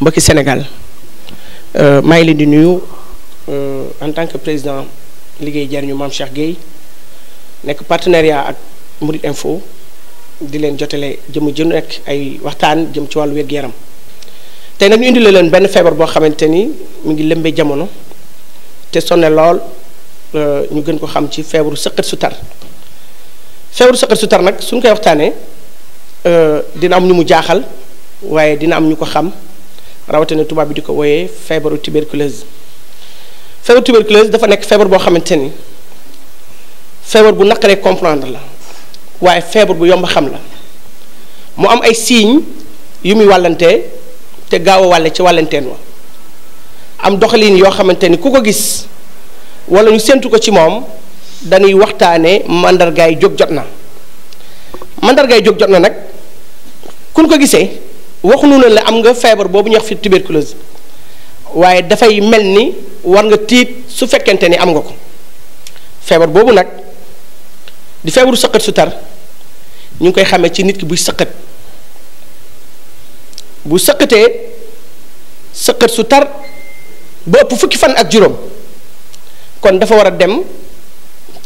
mbokki Sénégal euh, maa ngi leen di nuyu euh, en tant que président liggéey jariñu mam Cheikh Gueye nekk partenariat ak Murid Info di leen jotale jëm jëm rek ay waxtaan jëm ci wàllu wér-gu-yaram tey nag ñu indile leen benn feebar boo xamante ni mu ngi lëmbee jamono te sonne lool euh, ñu gën ko xam ci feebaru sëqët su tar feebaru sëqët su tar nag suñ koy waxtaanee dina am ñu mu jaaxal waaye dina am ñu ko xam. rawatina tubaab bi di ko wooyee feebaru tuberculose feebaru tuberculose dafa nekk feebar boo xamante ni feebar bu naqaree comprendre la waaye feebar bu yomb xam la mu am ay signes yu muy wàllante te gaaw a wàlle ci wàllanteen wa am doxalin yoo xamante ni ku ko gis wala ñu séntu ko ci moom danuy waxtaanee mandargaay jóg jot na mandargaay jóg jot na nag kun ko gisee waxuñu ne la am nga feebar boobu ñuy wax fi tuberculose waaye dafay mel ni war nga tiit su fekkente ni am nga ko feebar boobu nag di feebaru sëqat su tar ñu ngi koy xamee ci nit ki buy sëqat bu sëqatee sëqat su tar ba ëpp fukki fan ak juróom kon dafa war a dem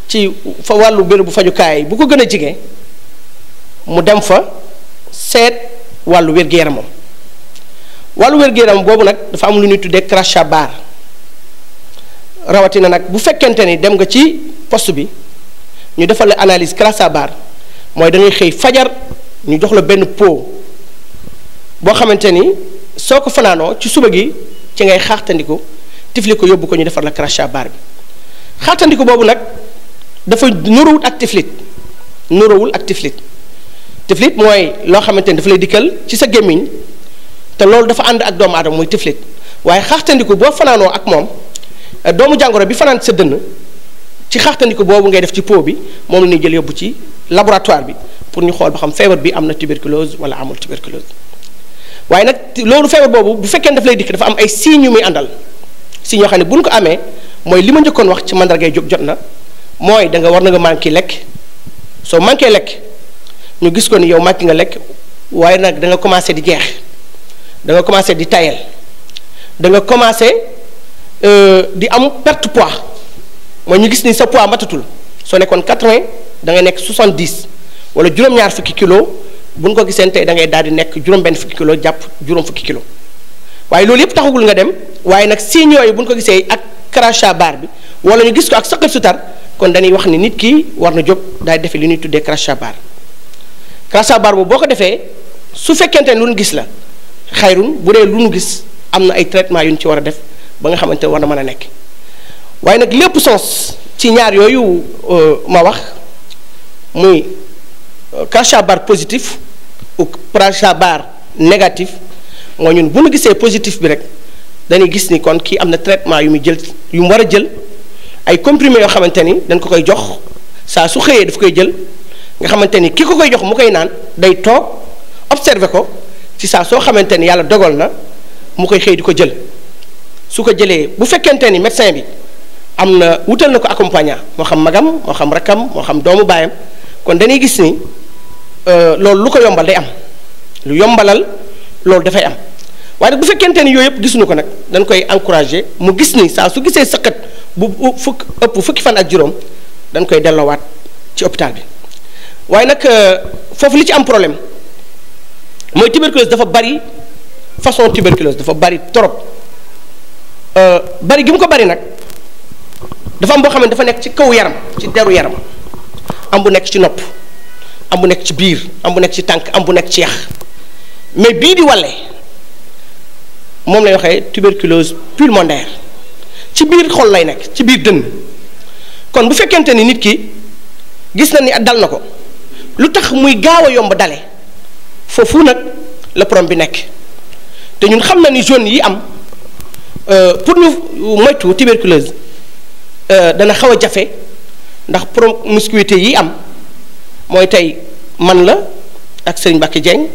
ci fa wàllu béréb bu fajukaay bu ko gën a jege mu dem fa seet wàllu wér-gu-yaramam wàllu wér-gu-yaramam boobu nag dafa am lu ñuy tuddee crachat bar rawatina nag bu fekkente ni dem nga ci post bi ñu defal la analyse crachat baar mooy dañuy xëy fajar ñu jox la benn pot boo xamante ni soo ko fanaanoo ci suba gi ci ngay xaaxtandiku tifli ko yóbbu ko ñu defar la crachat baar bi xaaxtandiku boobu nag dafa nuróowul ak tiflit nuróowul ak tiflit tiflit mooy loo xamante ni dafa lay dikkal ci sa gémmiñ te loolu dafa ànd ak doomu aadama muy tiflit waaye xaxtandiku boo fanaanoo ak moom doomu jàngoro bi fanaan sa dënn ci xaxtandiku boobu ngay def ci pot bi moom la ñuy jël yóbbu ci laboratoire bi pour ñu xool ba xam feebar bi am na tuberculose wala amul tuberculose waaye nag loolu feebar boobu bu fekkee daf lay dikk dafa am ay signe yu muy àndal signe yoo xam ne bu ñu ko amee mooy li ma njëkkoon wax ci mandargay jóg jot na mooy da nga war na nga manqué lekk soo manqué lekk ñu gis ko ni yow màcc nga lekk waaye nag da nga commencé di jeex da nga commencé di tayal da nga commencé euh, di am perte poids mooy ñu gis ni sa poids matatul soo nekkoon 80 da ngay nekk 70 wala juróom-ñaar fukki kilo buñ ko giseen tey da ngay daal di nekk juróom-benn fukki kilo jàpp juróom fukki kilo waaye loolu yëpp taxagul nga dem waaye nag yooyu ko gisee ak crachat bar bi wala ñu gis ko ak saqat sutar kon dañuy wax ni nit ki war na jóg daal defe li ñuy tuddee bar bar bu boko defé su fekkenté luñu gis la khairun bu dee gis am ay traitement yuñ ci war def ba nga xamanté war mëna nek way nak lepp sens ci ñaar yooyu euh, ma wax muy euh, bar positif ou bar négatif mo ñun bu nu gisee positif bi rek dañuy gis ni kon ki am na traitement yu mi jël yu mu wara jël ay comprimé yo xamanté ni dañ ko koy jox sa su xëyee daf koy jël nga xamante ni ki ko koy jox mu koy naan day toog observé ko ci saa soo xamante ni yàlla dogal na mu koy xëy di ko jël su ko jëlee bu fekkente ni médecin bi am na wutal na ko accompagnant moo xam magam moo xam rakkam moo xam doomu baayam kon dañuy gis ni euh, loolu lu ko yombal day am lu yombalal loolu dafay am waaye bu fekkente ni yooyu yëpp gisuñu ko nag dañ koy encouragé mu gis ni saa su gisee sëqat bu fukk ëpp fukki fan ak juróom dañ koy delloowaat ci hôpital bi waaye nag euh, foofu li ci am problème mooy tuberculose dafa bari façon tuberculose dafa bari trop euh, bari gi mu ko bari nag dafa am boo xam ne dafa nekk ci kaw yaram ci deru yaram am bu nekk ci nopp am bu nekk ci biir am bu nekk ci tànk am bu nekk ci yax mais bii di wàlle moom lay waxee tuberculose pulmonaire ci biir xol lay nekk ci biir dënn kon bu fekkente ni nit ki gis na ni dal na ko lu tax muy gaaw a yomb dale foofu nag la problème bi nekk te ñun xam na ni jeunes yi am euh, pour ñu moytu tuberculose euh, dana xaw a jafe ndax promiscuité yi am mooy tey man la ak Serigne Mbacké Dieng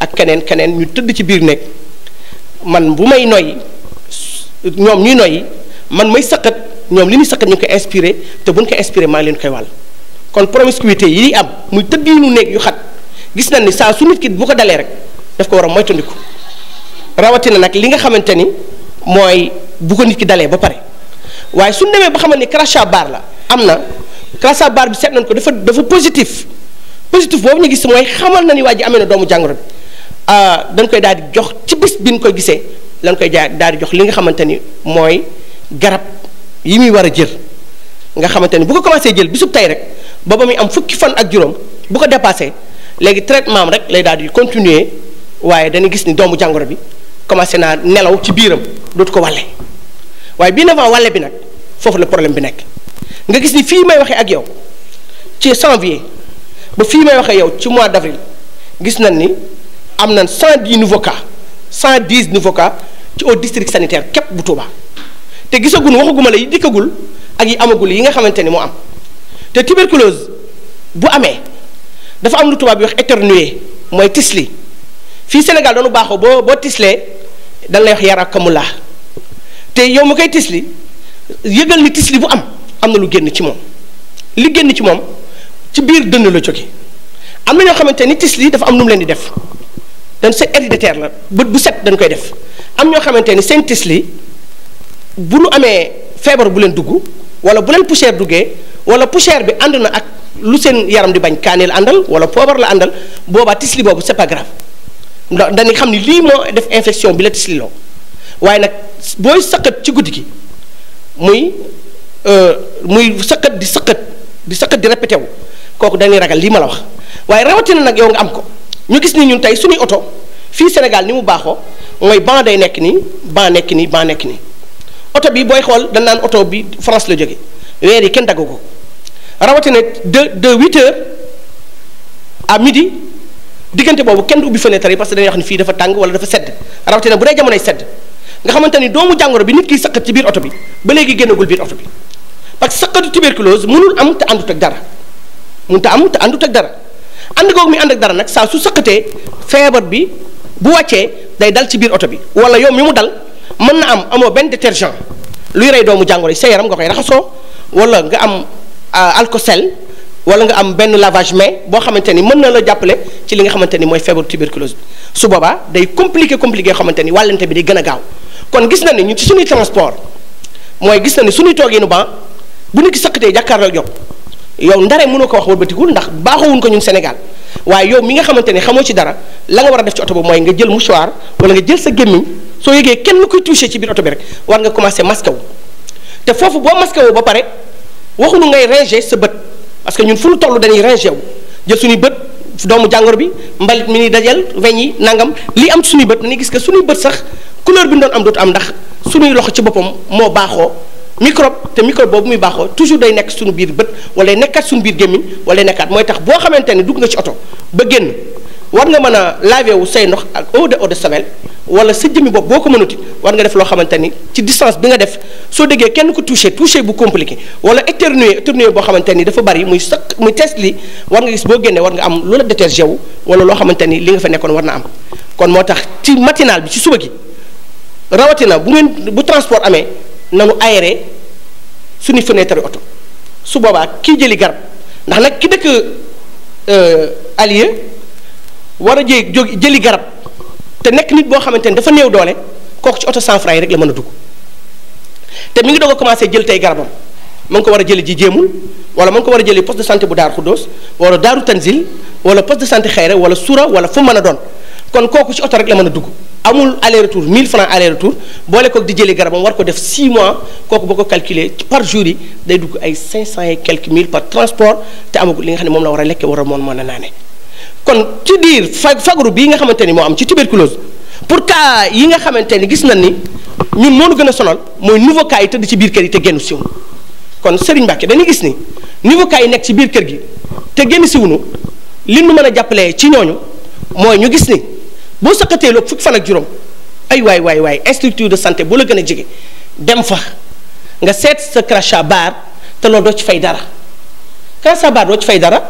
ak keneen keneen ñu tëdd ci biir nekk man bu may noy ñoom ñuy noyyi man may sëqat ñoom li ñuy sëqat ñu ngi koy inspiré te buñ ko inspiré maa ngi leen koy wàll kon promiscuité yi am muy tëdd yu nu néeg yu xat gis nañ ni saa su nit ki bu ko dalee rek daf ko war a moytandiku rawatina nag li nga xamante ni mooy bu ko nit ki dalee ba pare waaye suñ demee ba xamal ni crachat baar la am na crachat bar bi set nañ ko dafa dafa positif positif boobu ñu gis mooy xamal na ni waa ji amee na doomu jàngoro bi ah, dañ koy daal di jox ci bis bi ñu koy gisee lañ koy jaa daal di jox li nga xamante ni mooy garab yi muy war a jël nga xamante ni bu ko commencé jël bisub tey rek. ba mi am fukki fan ak juróom bu ko dépassé léegi traitement rek lay daal di continuer waaye dañu gis ni doomu jàngoro bi commencé naa nelaw ci biiram dootu ko wàlle waaye bii na wàlle bi nag foofu la problème bi nekk nga gis ni fii may waxee ak yow ci vie ba fii may waxee yow ci mois d'avril gis nañ ni am na cent dix nouveaux cas cent dix nouveaux ci au district sanitaire képp bu Touba te gisagun waxaguma la yi dikkagul ak yi amagul yi nga xamante ni moo am. te tuberculose bu amee dafa am lu tubaab bi wax éternuer mooy tisli fii Sénégal dañu baaxoo boo boo tislee dañ lay wax yarakamula te yow ma koy tisli yëgal ni tisli bu am am na lu génn ci moom li génn ci moom ci biir dënn la jóge am na ñoo xamante ni tisli dafa am nu mu leen di def dañ seen héréditaire la bët bu set dañ koy def am ñoo xamante ni seen tisli bu nu amee feebar bu leen dugg wala bu leen poussière duggee. wala poussière bi ànd na ak lu seen yaram di bañ kaani la àndal wala poobar la àndal boobaa tisli boobu c'est pas grave ndax dañuy xam ni lii moo def infection bi la tisli loo waaye nag booy sëqat ci guddi gi muy euh, muy sëqat di sëqat di sëqat di répété kooku dañuy ragal lii ma la wax waaye rawatina nag yow nga am ko ñu gis ni ñun tey suñuy oto fii Sénégal ni mu baaxoo mooy ban day nekk nii ban nekk nii ban nekk nii oto bii booy xool dañ naan oto bi France la jóge weer yi kenn daggu ko rawatina de de huit heures à midi diggante boobu kenn du ubbi fenêtre yi parce que dañuy wax ni fii dafa tàng wala dafa sedd rawatina bu dee jamonoy sedd nga xamante ni doomu jàngoro bi nit kiy sëqat ci biir oto bi ba léegi génnagul biir oto bi parce que sëqatu tuberculose mënul am te àndut ak dara mënut a am te àndut ak dara ànd googu muy ànd ak dara nag saa su sëqatee feebar bi bu wàccee day dal ci biir oto bi wala yow mi mu dal mën na am amoo benn détergent doomu jàngoro yi sa yaram nga wala nga am. Euh, alcosel wala nga am benn lavage main boo xamante ni mën na la jàppale ci li nga xamante ni mooy feebaru tuberculose bi su boobaa day compliqué compliqué xamante ni wàllante bi di gën a gaaw kon gis na ni ñu ci suñuy transport mooy gis na ni suñuy nu ba bu nit ki sëqatee jàkkaarloo yow yow ndare mënoo ko wax wëlbatikul ndax baaxoowuñ ko ñun Sénégal waaye yow mi nga xamante ni xamoo ci dara la nga war a def ci oto boobu mooy nga jël mouchoir wala jël sa gémmiñ soo yëgee kenn koy touché ci biir bi rek war nga commencé masque wu te foofu boo masque wu ba pare waxuñu ngay ringer sa bët parce que ñun fu ñu toll dañuy ringer wu jël suñuy bët doomu jàngoro bi mbalit mi ni dajal weñ yi nangam li am suñuy bët dañuy gis que suñuy bët sax couleur bi ñu doon am dootu am ndax suñuy loxo ci boppam moo baaxoo microbe te microbe boobu muy baaxoo toujours day nekk suñu biir bët wala nekkaat suñu biir gémmiñ wala nekkaat mooy tax boo xamante ne dugg nga ci oto ba génn. war nga mën a laver wu say ndox ak eau de eau de Javel wala sa jëmmi boobu boo ko mënuti war nga def loo xamante ni ci distance bi nga def soo déggee kenn ko touché touché bu compliqué wala éternuer éternuer boo xamante ni dafa bari muy saq muy test li war nga gis boo génnee war nga am lu la détergé wu wala loo xamante ni li nga fa nekkoon war na am kon moo tax ci matinal bi ci suba gi rawatina bu ngeen bu transport amee nanu aéré suñu fenêtre oto su boobaa kii jëli garab ndax nag ki euh, war a garab te nekk nit boo xamante dafa néew doole kooku ci rek la dugg te mi ngi a commencé jël garabam ma ko wala ma ko war a poste de santé bu Dar wala Daaru Tanzil wala poste de santé wala Soura wala fu mën a kon ci rek la mën dugg amul aller retour 1000 francs aller retour boole ko di jëli garabam war ko def 6 mois kooku boo calculer par jour yi day 500 et quelques mille par transport te amagul li nga xam kon ci biir fagaru bii nga xamante ni moo am ci tuberculose pour cas yi nga xamante ni gis nañ ni ñun moo nu gën a sonal mooy nouveau cas yi tëdd ci biir kër yi te génn siwnu kon Serigne Mbacke dañuy gis ni nouveau yi nekk ci biir kër gi te génn li nu mën a jàppalee ci ñooñu mooy ñu gis ni boo saqatee loog fukki fan ak juróom ay waay waay waay institut de santé bu la gën a jege dem fa nga seet sa crachat bar te loolu doo ci fay dara crachat bar doo ci fay dara.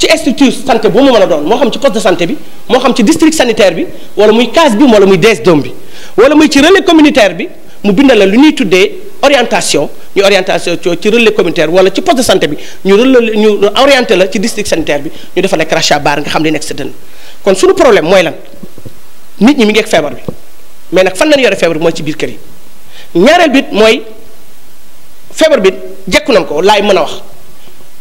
ci structure santé bu mu mën a doon moo xam ci poste de santé bi moo xam ci district sanitaire bi wala muy case bi wala muy DES doom bi wala muy ci relais communautaire bi mu bindal la lu ñuy tuddee orientation ñu orientation ci relais communautaire wala ci poste de santé bi ñu relais ñu orienté la ci district sanitaire bi ñu defal la crachat barre nga xam li nekk sa dënn kon suñu problème mooy lan nit ñi mi ngi feebar bi mais nag fan lañu yore feebar mooy ci biir kër yi bit mooy feebar bi jekku nañ ko laay mën a wax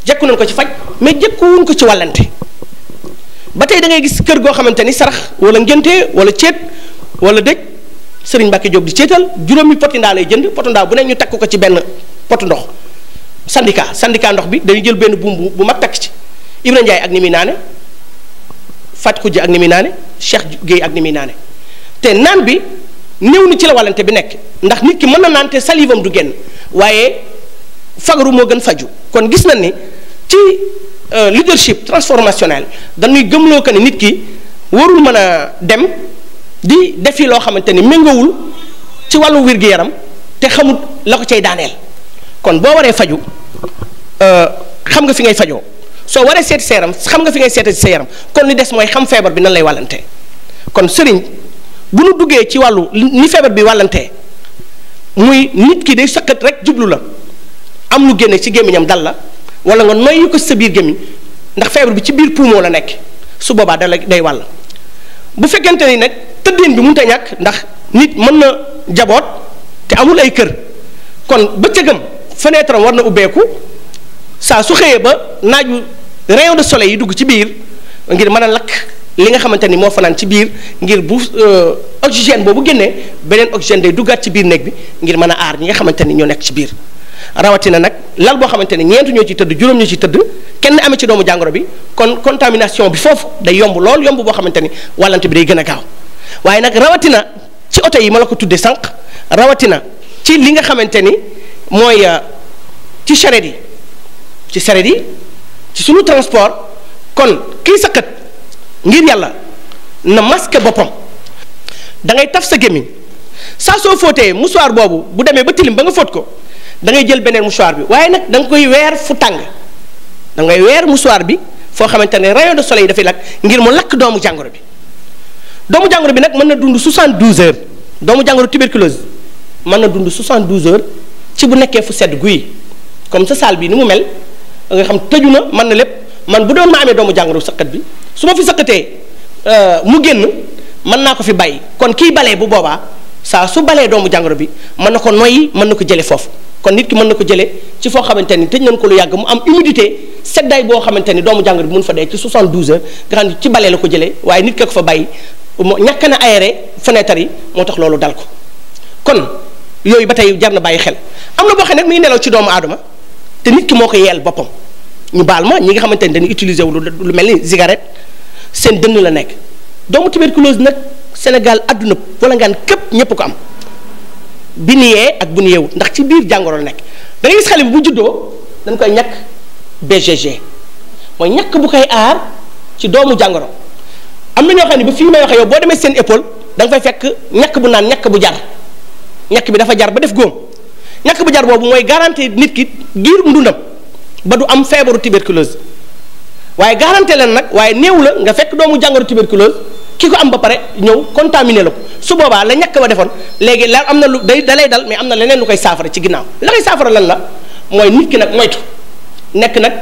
jekku nañ ko ci faj mais wuñ ko ci walante batay da ngay gis kër go xamanteni sarax wala ngenté wala ciet wala serigne job di cietal juromi poti ndaa lay jënd potu ndaa bu ne ñu takku ko ci ben potu ndox syndicat syndicat ndox bi dañu jël ben bumbu bu ma tak ci ibra ndiaye ak nimi nané fat ko ji ak nimi nané cheikh gey ak nimi nané té te bi new ni ci la walante bi nek ndax nit ki mëna nanté salivam du genn wayé fagaru mo gën faju kon gis na ni ci euh, leadership transformationnel dañuy gëmloo que ne nit ki warul mën a dem di defi loo xamante ni méngoowul ci wàllu wér-gu-yaram te xamut la ko cay daaneel kon boo waree faju euh, xam nga fi ngay fajoo soo waree seeti sa yaram xam nga fi ngay seeti sa yaram kon li des mooy xam feebar bi nan lay wàllante kon sëriñ bu nu duggee ci wàllu ni feebar bi wàllantee muy nit ki day sëqat rek jublu la am lu génne ci gémmiñam dal la wala nga noyyi ko sa biir gemi ndax feebar bi ci biir poumo la nek su boba da day wal bu fekkente ni nak tëddeen bi munta ñak ndax nit mën na jabot te amul ay kër kon bëccëgam fenêtre am war na ubbeeku saa su xeye ba naaju rayon de soleil yi dugg ci biir ngir mën lak li nga xamanteni mo fanan ci biir ngir bu euh, oxygène bobu benen oxygène day ci biir nek bi ngir mëna ar ñi nga xamanteni ñoo ci biir rawatina nag lal boo xamante ne ñeent ñoo ci tëdd juróom ñoo ci tëdd kenn amee ci doomu jàngoro bi kon contamination bi foofu day yomb lool yomb boo xamante ni wàllante bi day gën a gaaw waaye nag rawatina ci oto yi ma la ko tuddee sànq rawatina ci li nga xamante ni mooy euh, ci charrette yi ci charrette yi ci sunu transport kon kii sëqat ngir yàlla na masque boppam da ngay taf sa gémmiñ saa soo fóotee musuwaar boobu bu demee ba tilim ba nga fóot ko da ngay jël beneen mouchoir bi waaye nag da nga koy weer fu tàng da ngay weer mouchoir bi foo xamante ne rayon de soleil yi dafay lakk ngir mu lakk doomu jàngoro bi doomu jàngoro bi nag mën na dund 72 heures doomu jàngoro tuberculose mën na dund 72 heures ci bu nekkee fu sedd guy comme sa saal bi ni mu mel nga xam tëju na mën na lépp man bu doon ma amee doomu jàngoro sëqat bi su ma fi sëqatee euh, mu génn mën naa ko fi bàyyi kon kiy bale bu boobaa saa su balee doomu jàngoro bi mën na ko noyyi mën na ko jëlee foofu. kon nit ki mën na ko jëlee ci foo xamante ni tëj nañ ko lu yàgg mu am humidité seddaay boo xamante ni doomu jàngoro bi mun fa dee ci 72 heures nga xam ne ci balee ko jëlee waaye nit fa bàyyi moo ñàkk na aéré fenêtre yi moo tax loolu dal ko kon yooyu ba tey jar na bàyyi xel am na boo xam ne muy nelaw ci doomu aadama te nit ki moo ko yeel boppam ñu baal ma ñi nga xamante ni dañuy utiliser wu lu mel ni cigarette seen dënn la nekk doomu tuberculose nag Sénégal àdduna wala ngaan képp ñëpp ko am. bi ni ak bu ni ndax ci biir jàngoro la nekk da ngay gis xale bi bu juddoo dañ koy ñàkk BGG mooy ñàkk bu koy aar ci doomu jàngoro am na ñoo xam ne ba fii may waxee yow boo demee seen épaule da nga fay fekk ñàkk bu naan ñàkk bu jar ñàkk bi dafa jar ba def góom ñàkk bu jar boobu mooy garantie nit ki giir ndundam ba du am feebaru tuberculose waaye garantie leen nag waaye néew la nga fekk doomu jàngoro tuberculose ki ko am ba pare ñëw contaminé la ko su boobaa la ñàkk ba defoon léegi lan am na lu day dalay dal mais am na leneen lu koy saafara ci ginnaaw la koy saafara lan la mooy nit ki nag moytu nekk nag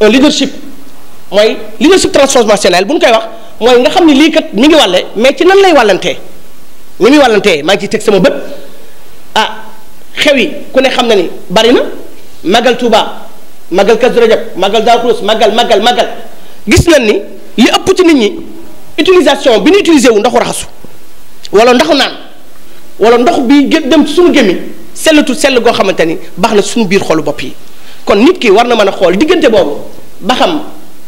un leadership mooy leadership transformationnel bu ñu koy wax mooy nga xam ni lii kat mi ngi wàlle mais ci nan lay wàllantee ni muy wàllantee maa ngi ciy teg sama bët ah xew yi ku ne xam na ni bari na magal Touba magal Kazu Rajab magal Daaru Xudoos magal magal gis nañ ni li nit ñi. utilisation bi ñu utiliser wu ndoxu raxasu wala ndoxu naan wala ndox bi dem ci suñu gémmiñ sellatu sell goo xamante ni baax na suñu biir xolu bopp yi kon nit ki war na mën a xool diggante boobu ba xam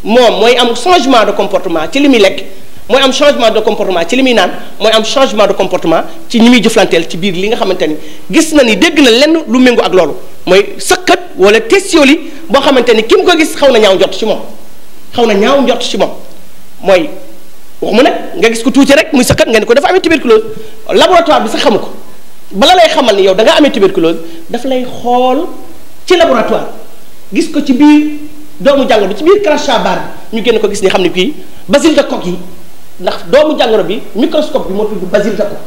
moom mooy am changement de comportement ci li muy lekk mooy am changement de comportement ci li muy naan mooy am changement de comportement ci ñi muy jëflanteel ci biir li nga xamante ni gis na ni dégg na lenn lu méngu ak loolu mooy sëkkat wala testioli boo xamante ni ki ko gis xaw na ñaaw njot ci moom xaw na ñaaw njot ci moom mooy waxuma nag nga gis ko tuuti rek muy sëqat nga ni ko dafa amee tuberculose laboratoire bi sa xam ko bala lay xamal ni yow da nga amee tuberculose daf lay xool ci laboratoire gis ko ci biir doomu jàngoro bi ci biir crachat bar bi ñu génn ko gis ni xam ne kii basile de Koch yi ndax doomu jàngoro bi microscope bi moo tudd basile de Koch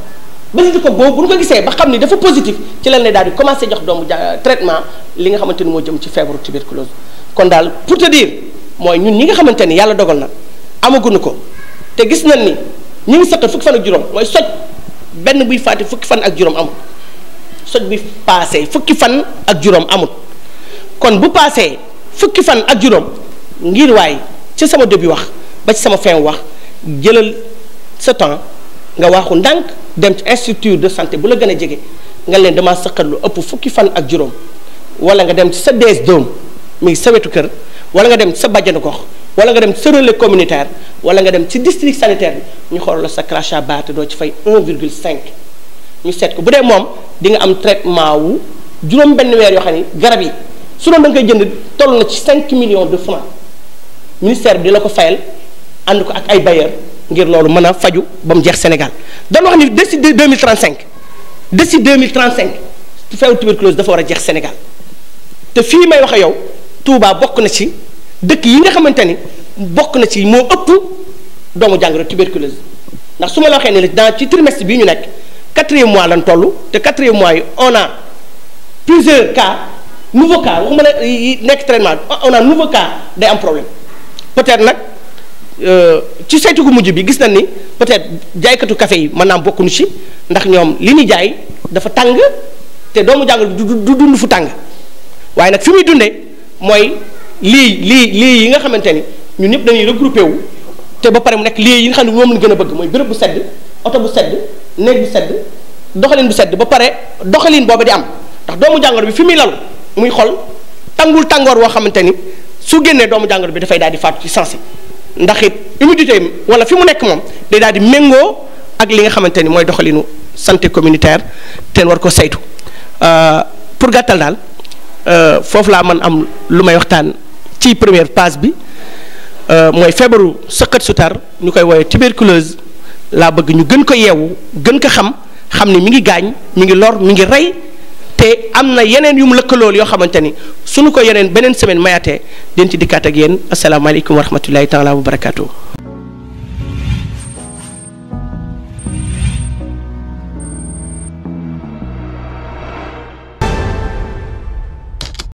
basile de boobu bu ñu ko gisee ba xam ni dafa positif ci lañ lay daal di commencé jox doomu ja traitement li nga xamante ni moo jëm ci feebaru tuberculose kon daal pour te dire mooy ñun ñi nga xamante ni yàlla dogal na amaguñu ko. te gis nañ ni ñi ngi sëqal fukki fan ak juróom mooy soj benn buy faati fukki fan ak juróom amul soj bi passé fukki fan ak juróom amul kon bu passé fukki fan ak juróom ngir waay ci sama debi wax ba ci sama fin wax jëlal sa temps nga waxu ndank dem ci institut de santé bu la gëna a nga leen dama sëqal lu ëpp fukki fan ak juróom wala nga dem ci sa dees doom mi sa wetu kër wala nga dem ci sa bàjjanu gox wala nga dem sa relais communautaire wala nga dem ci district sanitaire bi ñu xool la sa crachat baa doo ci fay 1,5 ñu seet ko bu dee moom di nga am traitement wu juróom benn weer yoo xam ne garab yi su doon da koy jënd toll na ci 5 millions de francs ministère bi di la ko fayal ànd ko ak ay bailleur ngir loolu mën a faju ba mu jeex Sénégal dañ wax ni d'ici 2035 d'ici 2035 feewu tuberculose dafa war a jeex Sénégal te fii may wax yow Touba bokk na ci. dëkk yi nga xamante ni bokk na ci moo ëpp doomu jàngoro tuberculose ndax su ma la waxee ne dans ci trimestre bii ñu nekk quatrième mois lan toll te quatrième mois yi on a plusieurs cas nouveau cas waxuma la yi nekk traitement on a nouveau cas day am problème peut-être nag euh, ci saytu gu mujj bi gis nañ ni peut-être jaaykatu kafe yi maanaam bokkuñu si ndax ñoom li ñu jaay dafa tàng te doomu jàngoro du dund fu tàng waaye nag fi muy dundee mooy. lii lii lii yi nga xamante ni ñun ñëpp dañuy regroupé wu te ba pare mu nekk lii yi nga xam ne moom gën a bëgg mooy béréb bu sedd bu sedd néeg bu doxalin bu sedd ba pare doxalin boobu di am ndax doomu jàngoro bi fi muy lalu muy xol tàngul tàngoor woo xamante ni su génnee doomu jàngoro bi dafay daal di faatu ci sens yi ndax it humidité wala fi mu nekk moom day di méngoo ak li nga xamante ni mooy doxalinu santé communautaire te war ko saytu euh, pour gàttal daal euh, foofu laa man am lu may waxtaan. ci première phase bi euh, mooy feebaru sëqët sutar ñu koy woowee tuberculose laa bëgg ñu gën ko yeewu gën ko xam xam ni mi ngi gaañ mi ngi lor mi ngi rey te am na yeneen yu mu lëkkalool yoo xamante ni suñu ko yeneen beneen semaine mayatee den ci dikkaat ak yéen asalaamaaleykum wa rahmatullahi taala wa barakaatu.